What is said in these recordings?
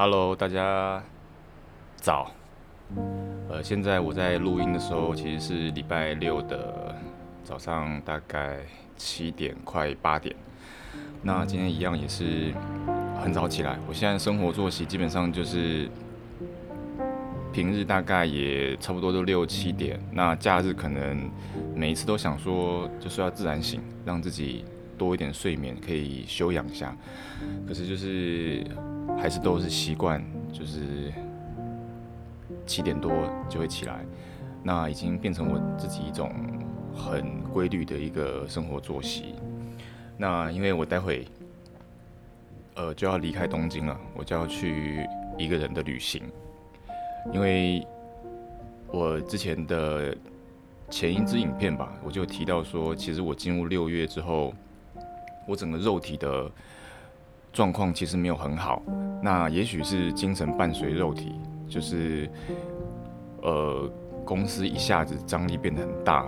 Hello，大家早。呃，現在我在錄音的時候，其實是禮拜六的早上，大概七點快八點。那今天一樣也是很早起來。我現在生活作息基本上就是平日大概也差不多都六七點，那假日可能每一次都想說就是要自然醒，讓自己多一點睡眠，可以休養一下。可是就是。還是都是習慣，就是七點多就會起來，那已經變成我自己一種很規律的一個生活作息。那因為我待會呃就要離開東京了，我就要去一個人的旅行。因為我之前的前一支影片吧，我就提到說，其實我進入六月之後，我整個肉體的。狀況其實沒有很好，那也許是精神伴隨肉體，就是呃公司一下子張力變得很大，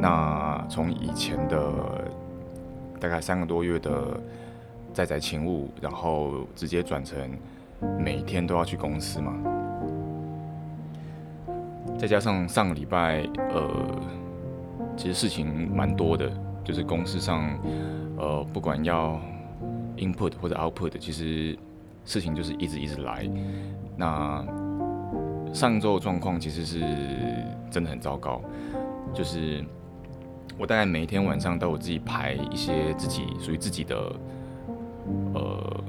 那從以前的大概三個多月的在宅勤務，然後直接轉成每天都要去公司嘛，再加上上個禮拜呃其實事情蠻多的，就是公司上呃不管要，Input 或者 output，其實事情就是一直一直來。那上周的狀況其實是真的很糟糕，就是我大概每一天晚上都有自己排一些自己屬於自己的呃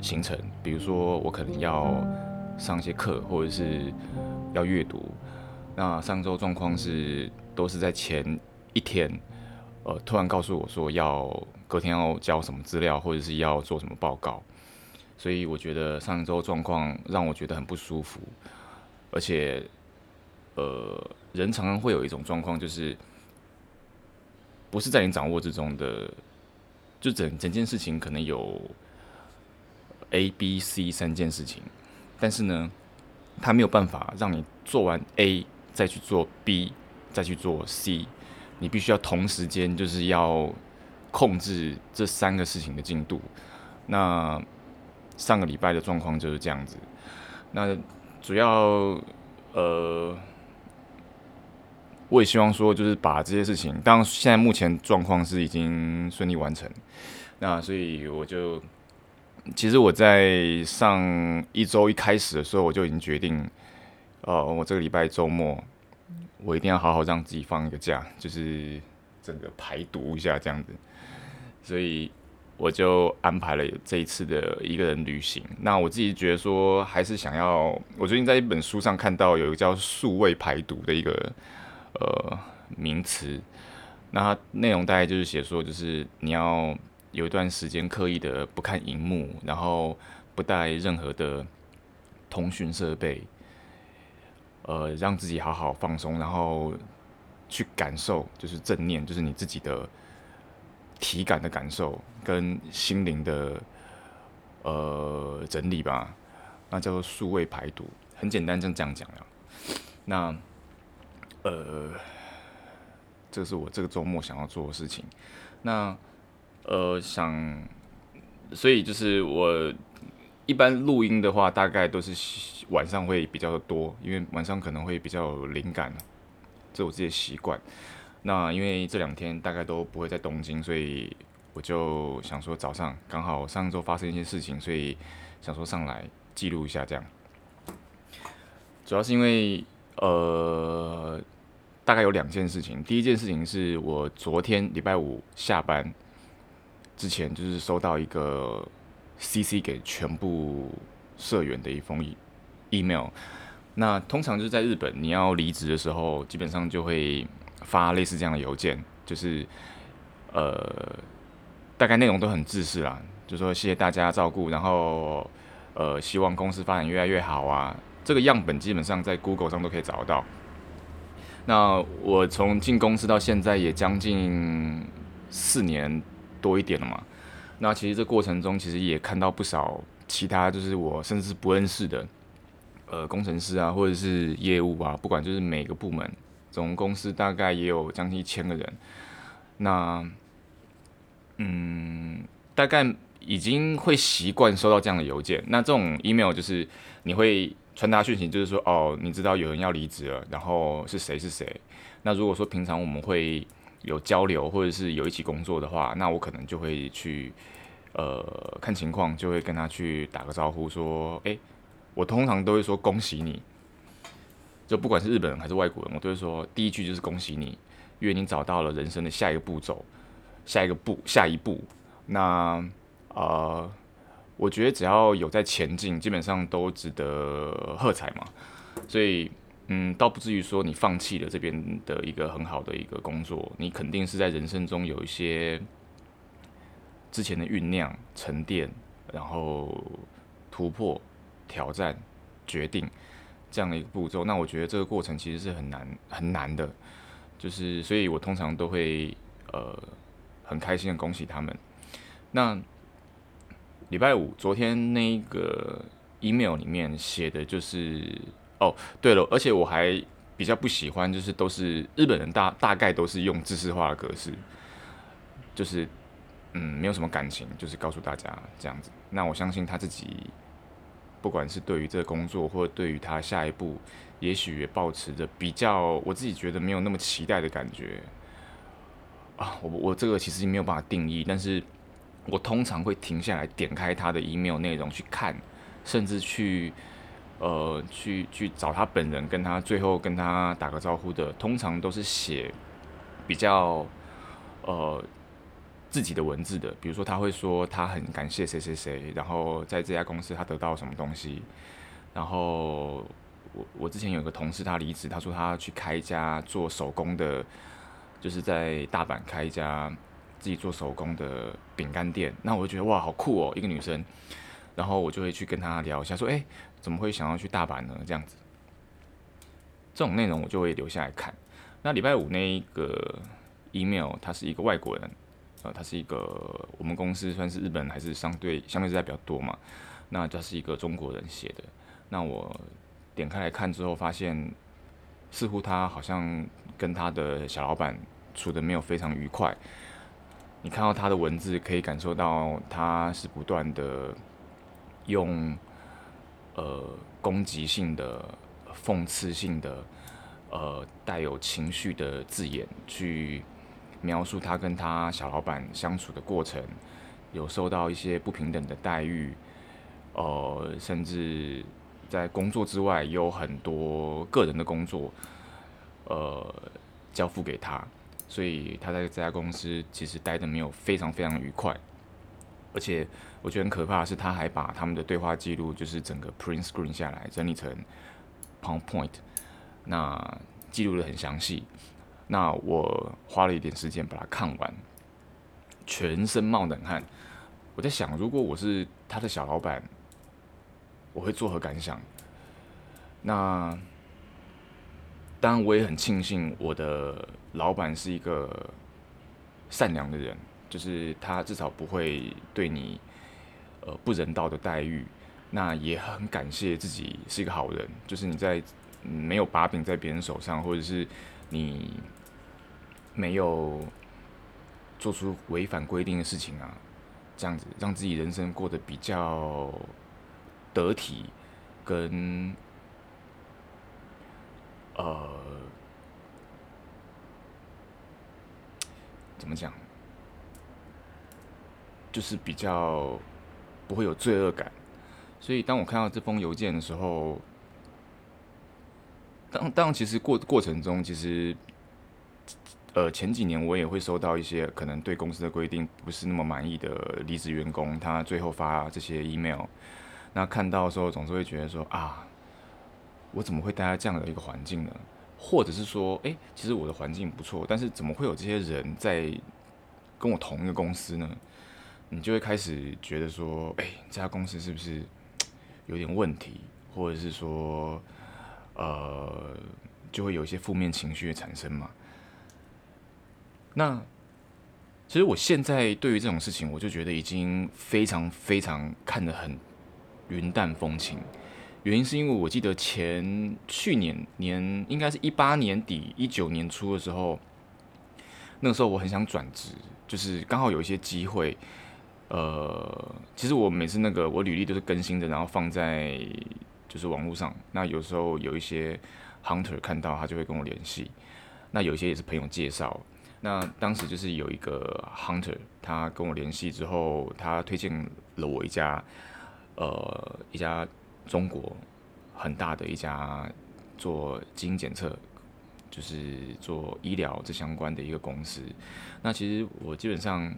行程，比如說我可能要上一些課，或者是要閱讀。那上周狀況是都是在前一天。呃，突然告訴我說要隔天要交什麼資料，或者是要做什麼報告，所以我覺得上周狀況讓我覺得很不舒服，而且，呃，人常常會有一種狀況，就是不是在你掌握之中的，就整整件事情可能有 A、B、C 三件事情，但是呢，他沒有辦法讓你做完 A 再去做 B，再去做 C。你必須要同時間，就是要控制這三個事情的進度。那上個禮拜的狀況就是這樣子。那主要呃，我也希望說，就是把這些事情，當然現在目前狀況是已經順利完成。那所以我就，其實我在上一周一開始的時候，我就已經決定，呃，我這個禮拜周末。我一定要好好讓自己放一個假，就是整個排毒一下這樣子，所以我就安排了這一次的一個人旅行。那我自己覺得說，還是想要，我最近在一本書上看到有一個叫“數位排毒”的一個呃名詞，那它內容大概就是寫說，就是你要有一段時間刻意的不看熒幕，然後不帶任何的通訊設備。呃，讓自己好好放鬆，然後去感受，就是正念，就是你自己的體感的感受跟心靈的呃整理吧，那叫做數位排毒，很簡單，就這樣講了。那呃，這是我這個周末想要做的事情。那呃，想，所以就是我。一般錄音的話，大概都是晚上會比較多，因為晚上可能會比較有靈感，這是我自己的習慣。那因為這兩天大概都不會在東京，所以我就想說早上，剛好上周發生一些事情，所以想說上來記錄一下，這樣。主要是因為呃，大概有兩件事情。第一件事情是我昨天禮拜五下班之前，就是收到一個。CC 給全部社員的一封 email，那通常就是在日本你要離職的時候，基本上就會發類似這樣的郵件，就是呃，大概內容都很制式啦，就說謝謝大家照顧，然後呃，希望公司發展越來越好啊。這個樣本基本上在 Google 上都可以找得到。那我從進公司到現在也將近四年多一點了嘛。那其實這過程中，其實也看到不少其他，就是我甚至是不認識的，呃，工程師啊，或者是業務啊，不管就是每個部門，總公司大概也有將近一千個人。那，嗯，大概已經會習慣收到這樣的郵件。那這種 email 就是你會傳達訊息，就是說，哦，你知道有人要離職了，然後是誰是誰。那如果說平常我們會。有交流或者是有一起工作的話，那我可能就會去，呃，看情況，就會跟他去打個招呼，說，誒、欸，我通常都會說恭喜你，就不管是日本人還是外國人，我都會說第一句就是恭喜你，因為你找到了人生的下一個步驟，下一個步下一步，那呃，我覺得只要有在前進，基本上都值得喝彩嘛，所以。嗯，倒不至於說你放棄了這邊的一個很好的一個工作，你肯定是在人生中有一些之前的醞釀、沉澱，然後突破、挑戰、決定這樣的一個步驟。那我覺得這個過程其實是很難、很難的，就是所以我通常都會呃很開心的恭喜他們。那禮拜五昨天那個 email 裡面寫的就是。哦，對了，而且我還比較不喜歡，就是都是日本人大，大大概都是用知識化的格式，就是嗯，沒有什麼感情，就是告訴大家這樣子。那我相信他自己，不管是對於這個工作，或者對於他下一步，也許也保持着比較，我自己覺得沒有那麼期待的感覺啊。我我這個其實沒有辦法定義，但是我通常會停下來點開他的 email 內容去看，甚至去。呃，去去找他本人，跟他最後跟他打個招呼的，通常都是寫比較呃自己的文字的。比如說，他會說他很感謝誰誰誰，然後在這家公司他得到什麼東西。然後我我之前有個同事，他離職，他說他要去開一家做手工的，就是在大阪開一家自己做手工的餅乾店。那我就覺得哇，好酷哦，一個女生。然後我就會去跟他聊一下，說誒。欸怎麼會想要去大阪呢？這樣子，這種內容我就會留下來看。那禮拜五那一個 email，他是一個外國人，呃，他是一個我們公司算是日本還是相對相對在比較多嘛。那他是一個中國人寫的。那我點開來看之後，發現似乎他好像跟他的小老闆處得沒有非常愉快。你看到他的文字，可以感受到他是不斷的用。呃，攻擊性的、諷刺性的、呃，帶有情緒的字眼，去描述他跟他小老闆相處的過程，有受到一些不平等的待遇，呃，甚至在工作之外也有很多個人的工作，呃，交付給他，所以他在這家公司其實待得沒有非常非常愉快，而且我覺得很可怕的是，他還把他們的對話記錄，就是整個 print screen 下來，整理成 PowerPoint，那記錄得很詳細。那我花了一點時間把它看完，全身冒冷汗。我在想，如果我是他的小老板，我會作何感想？那當然，我也很慶幸我的老板是一個善良的人，就是他至少不會對你。呃，不人道的待遇，那也很感謝自己是一個好人。就是你在沒有把柄在別人手上，或者是你沒有做出違反規定的事情啊，這樣子讓自己人生過得比較得體，跟呃，怎麼講，就是比較。不會有罪惡感，所以當我看到這封郵件的時候，當當然，其實過過程中，其實呃前幾年我也會收到一些可能對公司的規定不是那麼滿意的離職員工，他最後發這些 email，那看到的時候總是會覺得說啊，我怎麼會待在這樣的一個環境呢？或者是說，哎、欸，其實我的環境不錯，但是怎麼會有這些人在跟我同一個公司呢？你就會開始覺得說，哎、欸，這家公司是不是有點問題，或者是說，呃，就會有一些負面情緒的產生嘛？那其實我現在對於這種事情，我就覺得已經非常非常看得很雲淡風輕。原因是因為我記得前去年年應該是一八年底一九年初的時候，那個時候我很想轉職，就是剛好有一些機會。呃，其實我每次那個我履歷都是更新的，然後放在就是網絡上。那有時候有一些 hunter 看到，他就會跟我聯繫。那有一些也是朋友介紹。那當時就是有一個 hunter，他跟我聯繫之後，他推薦了我一家，呃，一家中國很大的一家做基因檢測，就是做醫療這相關的一個公司。那其實我基本上。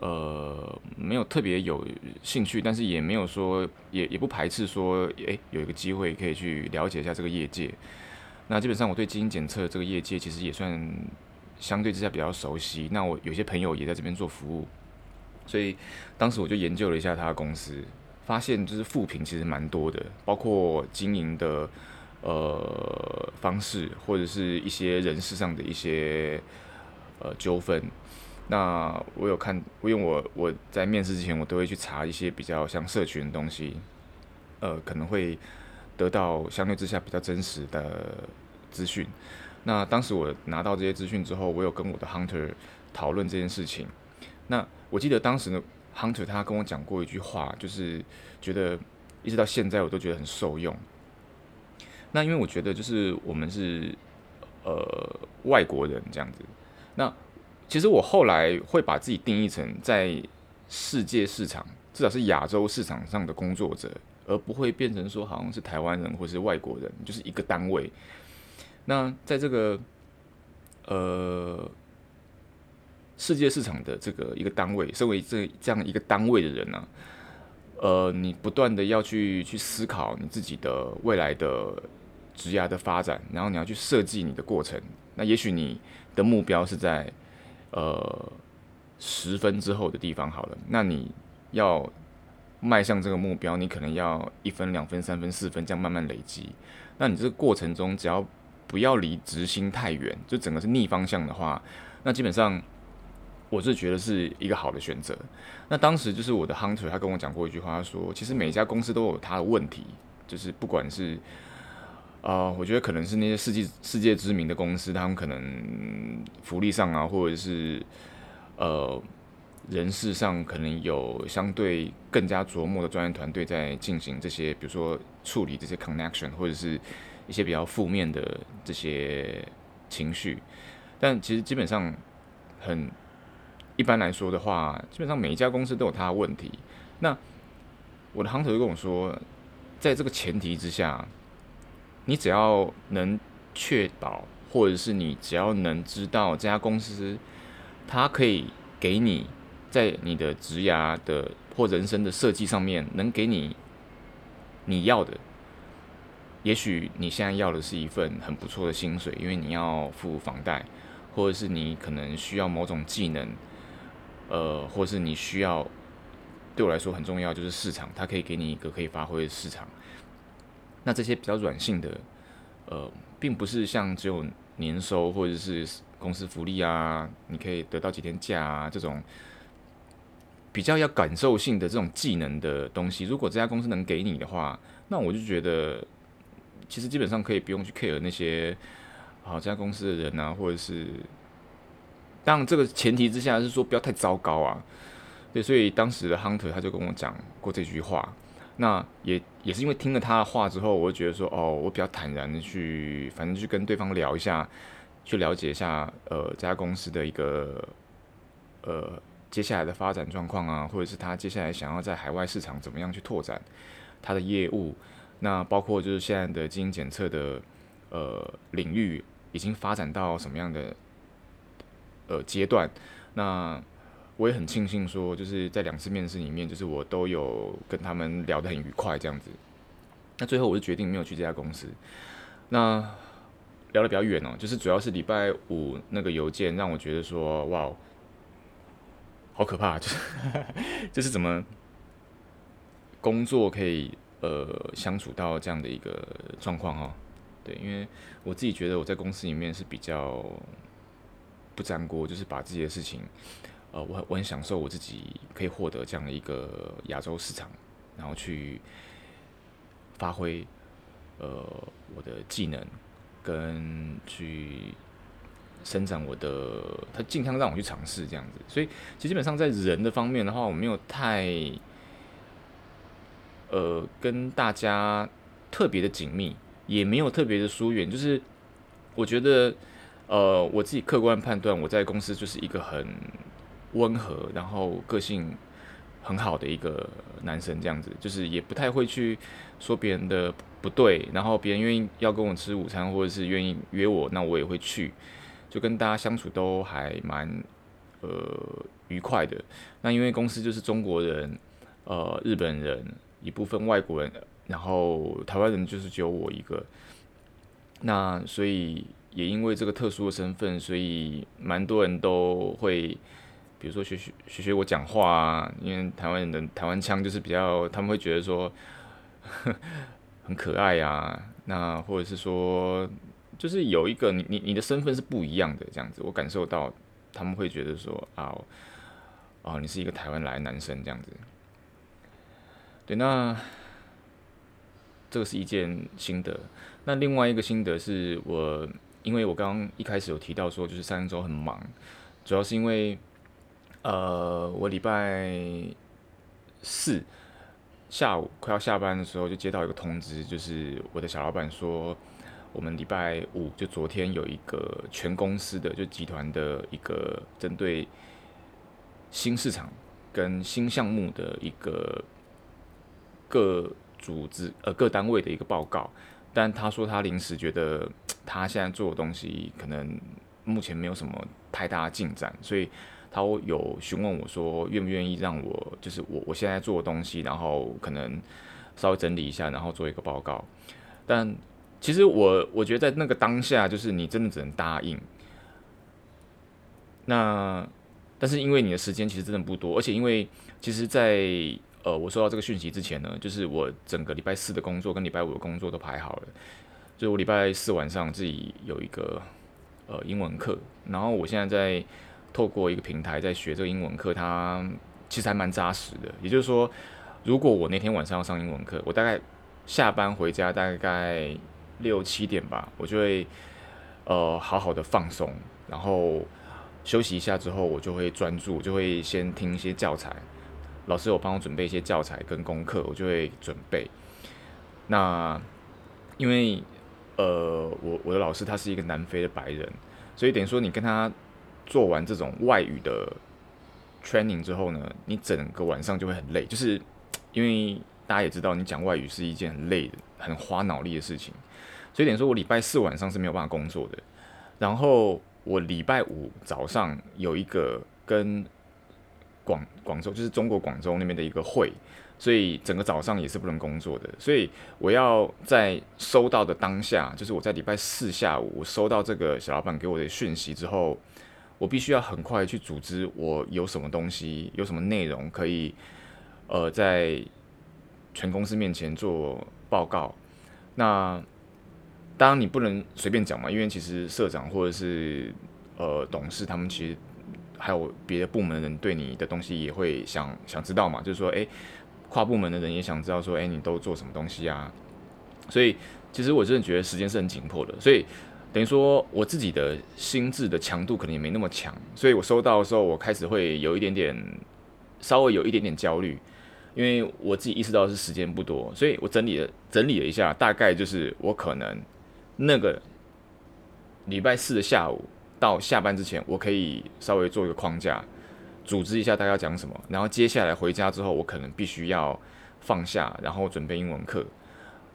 呃，沒有特別有興趣，但是也沒有說，也也不排斥說，誒，有一個機會可以去了解一下這個業界。那基本上我對基因檢測這個業界其實也算相對之下比較熟悉。那我有些朋友也在這邊做服務，所以當時我就研究了一下他的公司，發現就是負評其實蠻多的，包括經營的呃方式或者是一些人事上的一些呃糾紛。那我有看，因為我我在面試之前，我都會去查一些比較像社群的東西，呃，可能會得到相對之下比較真實的資訊。那當時我拿到這些資訊之後，我有跟我的 hunter 討論這件事情。那我記得當時呢，hunter 他跟我講過一句話，就是覺得一直到現在我都覺得很受用。那因為我覺得就是我們是呃外國人這樣子，那。其實我後來會把自己定義成在世界市場，至少是亞洲市場上的工作者，而不會變成說好像是台灣人或是外國人，就是一個單位。那在這個呃世界市場的這個一個單位，身為這這樣一個單位的人呢、啊，呃，你不斷的要去去思考你自己的未來的職涯的發展，然後你要去設計你的過程。那也許你的目標是在。呃，十分之後的地方好了，那你要邁向這個目標，你可能要一分、兩分、三分、四分這樣慢慢累積。那你這個過程中，只要不要離執行太遠，就整個是逆方向的話，那基本上我是覺得是一個好的選擇。那當時就是我的 Hunter，他跟我講過一句話，他說：“其實每一家公司都有他的問題，就是不管是……”啊、uh，我覺得可能是那些世界世界知名的公司，他們可能福利上啊，或者是呃人事上，可能有相對更加琢磨的專業團隊在進行這些，比如說處理這些 connection 或者是一些比較負面的這些情緒。但其實基本上很一般來說的話，基本上每一家公司都有他的問題。那我的行頭就跟我說，在這個前提之下。你只要能確保，或者是你只要能知道這家公司，它可以給你在你的職涯的或人生的設計上面能給你你要的。也許你現在要的是一份很不錯的薪水，因為你要付房貸，或者是你可能需要某種技能，呃，或者是你需要，對我來說很重要，就是市場，它可以給你一個可以發揮的市場。那這些比較軟性的，呃，並不是像只有年收或者是公司福利啊，你可以得到幾天假啊這種，比較要感受性的這種技能的東西，如果這家公司能給你的話，那我就覺得，其實基本上可以不用去 care 那些好這家公司的人啊，或者是，當然這個前提之下是說不要太糟糕啊，對，所以當時的 Hunter 他就跟我講過這句話。那也也是因為聽了他的話之後，我會覺得說，哦，我比較坦然的去，反正去跟對方聊一下，去了解一下，呃，這家公司的一個，呃，接下來的發展狀況啊，或者是他接下來想要在海外市場怎麼樣去拓展他的業務，那包括就是現在的基因檢測的，呃，領域已經發展到什麼樣的，呃，階段，那。我也很慶幸，說就是在兩次面試裡面，就是我都有跟他們聊得很愉快，這樣子。那最後我就決定沒有去這家公司。那聊得比較遠哦，就是主要是禮拜五那個郵件讓我覺得說，哇，好可怕，就是 就是怎麼工作可以呃相處到這樣的一個狀況哦？對，因為我自己覺得我在公司裡面是比較不粘鍋，就是把自己的事情。呃，我很我很享受我自己可以獲得這樣的一個亞洲市場，然後去發揮呃我的技能，跟去生長我的，他儘量讓我去嘗試這樣子，所以其實基本上在人的方面的話，我沒有太呃跟大家特別的緊密，也沒有特別的疏遠，就是我覺得呃我自己客觀判斷，我在公司就是一個很。溫和，然後個性很好的一個男生，這樣子，就是也不太會去說別人的不對，然後別人願意要跟我吃午餐，或者是願意約我，那我也會去，就跟大家相處都還蠻呃愉快的。那因為公司就是中國人，呃、日本人，一部分外國人，然後台灣人就是只有我一個，那所以也因為這個特殊的身份，所以蠻多人都會。比如說學學學學我講話啊，因為台灣人的台灣腔就是比較，他們會覺得說呵很可愛啊。那或者是說，就是有一個你你你的身份是不一樣的這樣子，我感受到他們會覺得說啊哦，你是一個台灣來的男生這樣子。對，那這個是一件心得。那另外一個心得是我，因為我剛剛一開始有提到說，就是三週很忙，主要是因為。呃，我禮拜四下午快要下班的時候，就接到一個通知，就是我的小老板說，我們禮拜五就昨天有一個全公司的，就集團的一個針對新市場跟新項目的一個各組織，呃，各單位的一個報告，但他說他臨時覺得他現在做的東西可能目前沒有什麼太大的進展，所以。他有詢問我說，願不願意讓我，就是我我現在做的東西，然後可能稍微整理一下，然後做一個報告。但其實我我覺得在那個當下，就是你真的只能答應。那但是因為你的時間其實真的不多，而且因為其實在，在呃我收到這個訊息之前呢，就是我整個禮拜四的工作跟禮拜五的工作都排好了，就我禮拜四晚上自己有一個呃英文課，然後我現在在。透過一個平台在學這個英文課，他其實還蠻扎實的。也就是說，如果我那天晚上要上英文課，我大概下班回家大概六七點吧，我就會呃好好的放鬆，然後休息一下之後，我就會專注，我就會先聽一些教材。老師有幫我準備一些教材跟功課，我就會準備。那因為呃我我的老師他是一個南非的白人，所以等於說你跟他。做完這種外語的 training 之後呢，你整個晚上就會很累，就是因為大家也知道，你講外語是一件很累的、很花腦力的事情，所以等於說我禮拜四晚上是沒有辦法工作的。然後我禮拜五早上有一個跟廣廣州，就是中國廣州那邊的一個會，所以整個早上也是不能工作的。所以我要在收到的當下，就是我在禮拜四下午我收到這個小老板給我的訊息之後。我必須要很快去組織，我有什麼東西，有什麼內容可以，呃，在全公司面前做報告。那當然你不能隨便講嘛，因為其實社長或者是呃董事，他們其實還有別的部門的人對你的東西也會想想知道嘛。就是說，誒，跨部門的人也想知道說，誒，你都做什麼東西啊？所以，其實我真的覺得時間是很緊迫的，所以。等於說，我自己的心智的強度可能也沒那麼強，所以我收到的時候，我開始會有一點點，稍微有一點點焦慮，因為我自己意識到的是時間不多，所以我整理了整理了一下，大概就是我可能那個禮拜四的下午到下班之前，我可以稍微做一個框架，組織一下大家要講什麼，然後接下來回家之後，我可能必須要放下，然後準備英文課，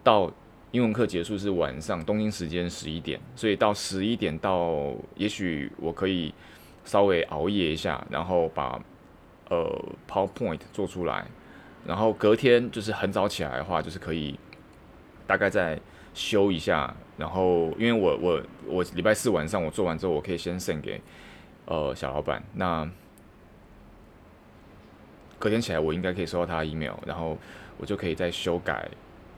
到。英文課結束是晚上東京時間十一點，所以到十一點到，也許我可以稍微熬夜一下，然後把呃 PowerPoint 做出來，然後隔天就是很早起來的話，就是可以大概再修一下，然後因為我我我禮拜四晚上我做完之後，我可以先 send 給呃小老闆，那隔天起來我應該可以收到他的 email，然後我就可以再修改。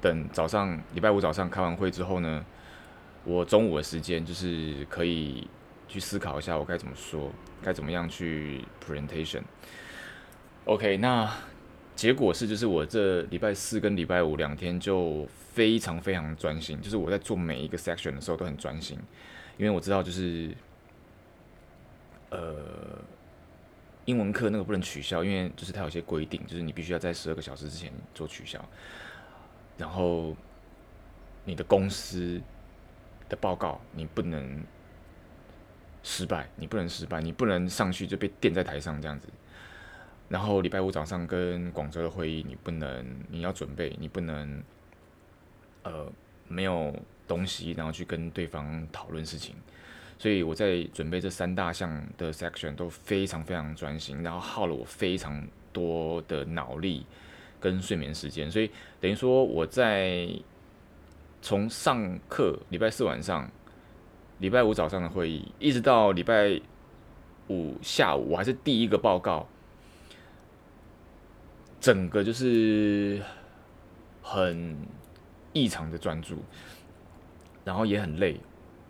等早上禮拜五早上開完會之後呢，我中午的時間就是可以去思考一下我該怎麼說，該怎麼樣去 presentation。OK，那結果是就是我這禮拜四跟禮拜五兩天就非常非常專心，就是我在做每一個 section 的時候都很專心，因為我知道就是，呃，英文課那個不能取消，因為就是它有些規定，就是你必須要在十二個小時之前做取消。然後，你的公司的報告你不能失敗，你不能失敗，你不能上去就被墊在台上這樣子。然後禮拜五早上跟廣州的會議你不能，你要準備，你不能，呃，沒有東西，然後去跟對方討論事情。所以我在準備這三大項的 section 都非常非常專心，然後耗了我非常多的腦力。跟睡眠時間，所以等於說我在從上課禮拜四晚上、禮拜五早上的會議，一直到禮拜五下午，我還是第一個報告，整個就是很異常的專注，然後也很累。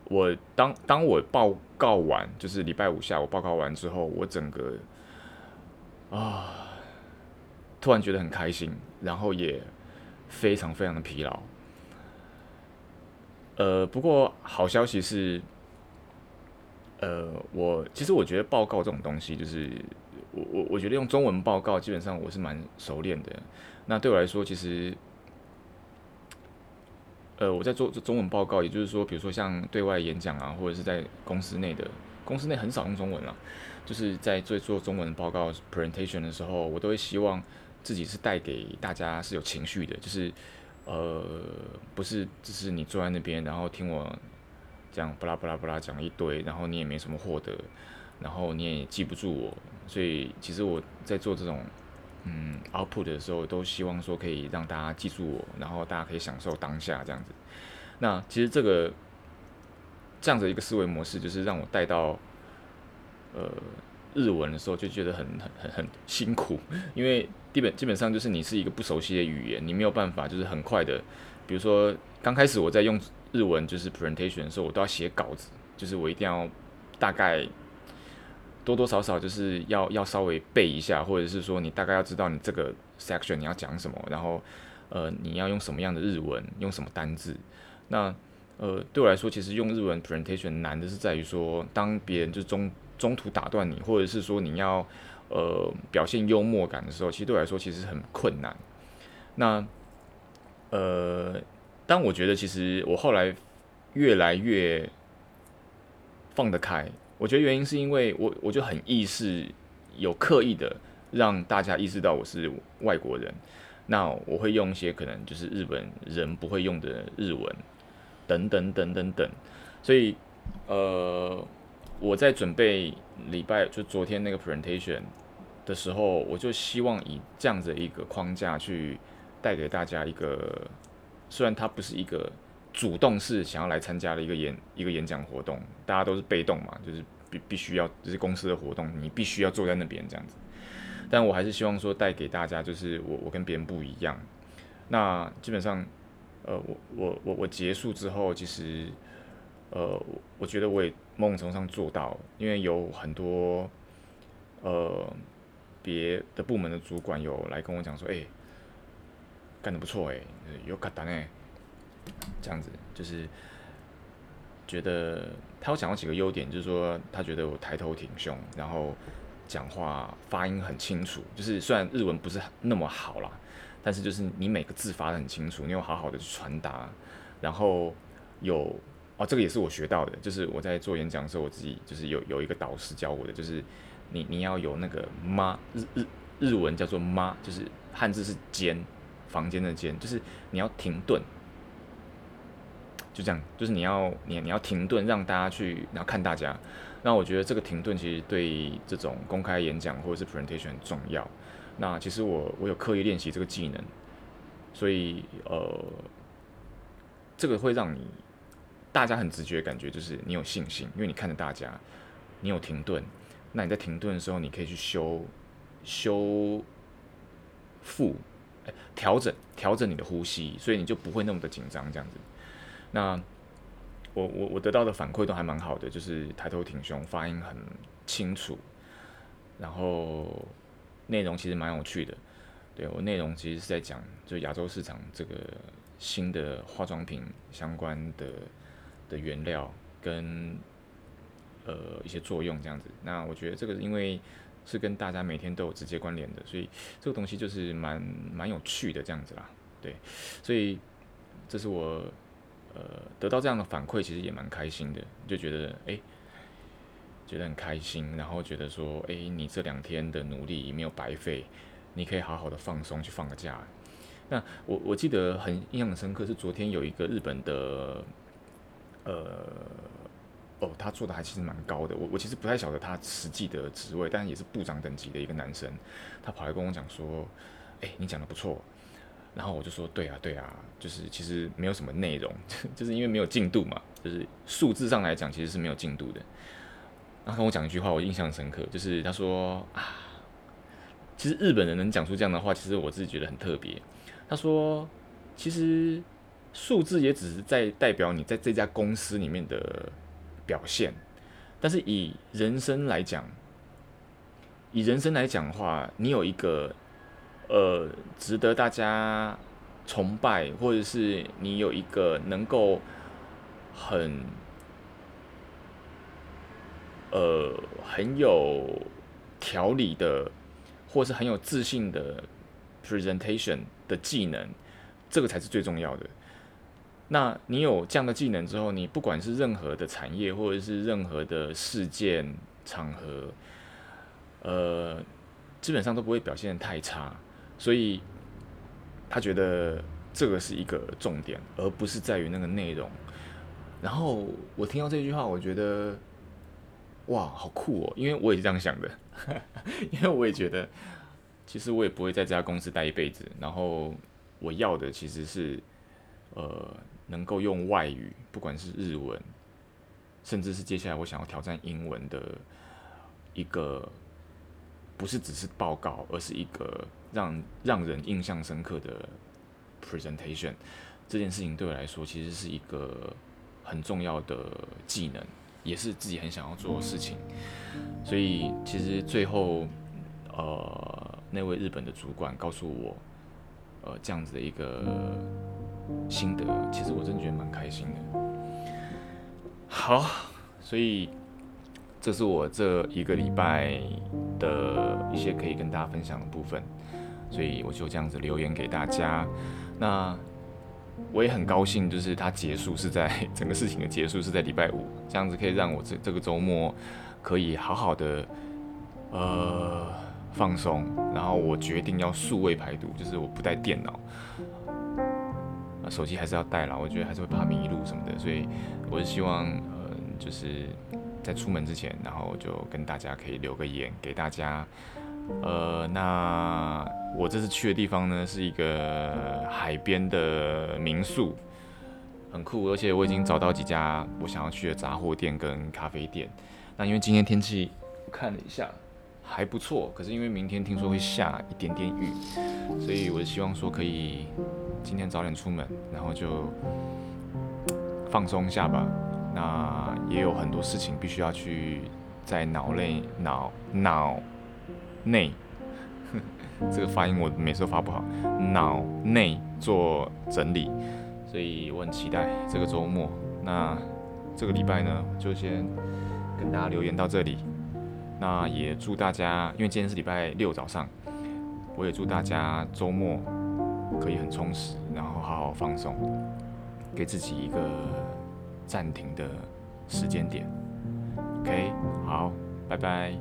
我當當我報告完，就是禮拜五下午報告完之後，我整個啊。呃突然覺得很開心，然後也非常非常的疲勞。呃，不過好消息是，呃，我其實我覺得報告這種東西，就是我我我覺得用中文報告，基本上我是蠻熟練的。那對我來說，其實，呃，我在做中文報告，也就是說，比如說像對外演講啊，或者是在公司內的，公司內很少用中文了。就是在做做中文報告 presentation 的時候，我都會希望。自己是帶給大家是有情緒的，就是，呃，不是，只是你坐在那邊，然後聽我這樣巴拉巴拉巴拉講一堆，然後你也沒什麼獲得，然後你也記不住我，所以其實我在做這種嗯 output 的時候，我都希望說可以讓大家記住我，然後大家可以享受當下這樣子。那其實這個這樣的一個思維模式，就是讓我帶到，呃。日文的時候就覺得很很很很辛苦，因為基本基本上就是你是一個不熟悉的語言，你沒有辦法就是很快的，比如說剛開始我在用日文就是 presentation 的時候，我都要寫稿子，就是我一定要大概多多少少就是要要稍微背一下，或者是說你大概要知道你這個 section 你要講什麼，然後呃你要用什麼樣的日文，用什麼單字，那呃對我來說其實用日文 presentation 難的是在於說當別人就是中。中途打斷你，或者是說你要，呃，表現幽默感的時候，其實對我來說其實很困難。那，呃，但我覺得其實我後來越來越放得開。我覺得原因是因為我，我就很意識有刻意的讓大家意識到我是外國人。那我會用一些可能就是日本人不會用的日文，等等等等等等。所以，呃。我在準備禮拜就昨天那個 presentation 的時候，我就希望以這樣子的一個框架去帶給大家一個，雖然它不是一個主動式想要來參加的一個演一個演講活動，大家都是被動嘛，就是必必須要就是公司的活動，你必須要坐在那邊這樣子。但我還是希望說帶給大家，就是我我跟別人不一樣。那基本上，呃，我我我我結束之後，其實。呃，我覺得我也某種程度上做到，因為有很多呃別的部門的主管有來跟我講說，哎、欸，幹得不錯哎、欸，有卡單誒，這樣子就是覺得他有講到幾個優點，就是說他覺得我抬頭挺胸，然後講話發音很清楚，就是雖然日文不是那麼好啦，但是就是你每個字發的很清楚，你有好好的傳達，然後有。哦，這個也是我學到的，就是我在做演講的時候，我自己就是有有一個導師教我的，就是你你要有那個媽日日日文叫做媽，就是漢字是間，房間的間，就是你要停頓，就這樣，就是你要你你要停頓，讓大家去然後看大家，那我覺得這個停頓其實對這種公開演講或者是 presentation 很重要。那其實我我有刻意練習這個技能，所以呃，這個會讓你。大家很直覺的感覺就是你有信心，因為你看着大家，你有停頓，那你在停頓的時候，你可以去修、修復、欸、調整、調整你的呼吸，所以你就不會那麼的緊張這樣子。那我我我得到的反饋都還蠻好的，就是抬頭挺胸，發音很清楚，然後內容其實蠻有趣的。對我內容其實是在講就亞洲市場這個新的化妝品相關的。的原料跟呃一些作用這樣子，那我覺得這個是因為是跟大家每天都有直接關聯的，所以這個東西就是蠻蠻有趣的這樣子啦。對，所以這是我呃得到這樣的反饋，其實也蠻開心的，就覺得哎、欸、覺得很開心，然後覺得說哎、欸、你這兩天的努力也沒有白費，你可以好好的放鬆去放個假。那我我記得很印象很深刻是昨天有一個日本的，呃，哦，他做的還其實蠻高的，我我其實不太曉得他實際的職位，但也是部長等級的一個男生，他跑來跟我講說，誒，你講的不錯，然後我就說，對啊，對啊，就是其實沒有什麼內容，就是因為沒有進度嘛，就是數字上來講其實是沒有進度的。然後跟我講一句話，我印象深刻，就是他說啊，其實日本人能講出這樣的話，其實我自己覺得很特別。他說，其實。數字也只是在代表你在這家公司裡面的表現，但是以人生來講，以人生來講的話，你有一個呃值得大家崇拜，或者是你有一個能夠很呃很有條理的，或是很有自信的 presentation 的技能，這個才是最重要的。那你有這樣的技能之後，你不管是任何的產業，或者是任何的事件場合，呃，基本上都不會表現得太差。所以，他覺得這個是一個重點，而不是在於那個內容。然後我聽到這句話，我覺得，哇，好酷哦！因為我也是這樣想的，呵呵，因為我也覺得，其實我也不會在這家公司待一輩子。然後我要的其實是，呃。能夠用外語，不管是日文，甚至是接下來我想要挑戰英文的一個，不是只是報告，而是一個讓讓人印象深刻的 presentation。這件事情對我來說，其實是一個很重要的技能，也是自己很想要做的事情。所以，其實最後，呃，那位日本的主管告訴我，呃，這樣子的一個。心得，其實我真的覺得蠻開心的。好，所以這是我這一個禮拜的一些可以跟大家分享的部分，所以我就這樣子留言給大家。那我也很高興，就是它結束是在整個事情的結束是在禮拜五，這樣子可以讓我這這個周末可以好好的呃放鬆。然後我決定要數位排毒，就是我不帶電腦。手機還是要帶啦，我覺得還是會怕迷路什麼的，所以我是希望，嗯，呃，就是在出門之前，然後就跟大家可以留個言給大家。呃，那我這次去的地方呢，是一個海邊的民宿，很酷，而且我已經找到幾家我想要去的雜貨店跟咖啡店。那因為今天天氣，我看了一下。還不錯，可是因為明天聽說會下一點點雨，所以我希望說可以今天早點出門，然後就放鬆一下吧。那也有很多事情必須要去在腦內、腦腦內， 這個發音我每次都發不好。腦內做整理，所以我很期待這個周末。那這個禮拜呢，就先跟大家留言到這裡。那也祝大家，因為今天是禮拜六早上，我也祝大家周末可以很充實，然後好好放鬆，給自己一個暫停的時間點。OK，好，拜拜。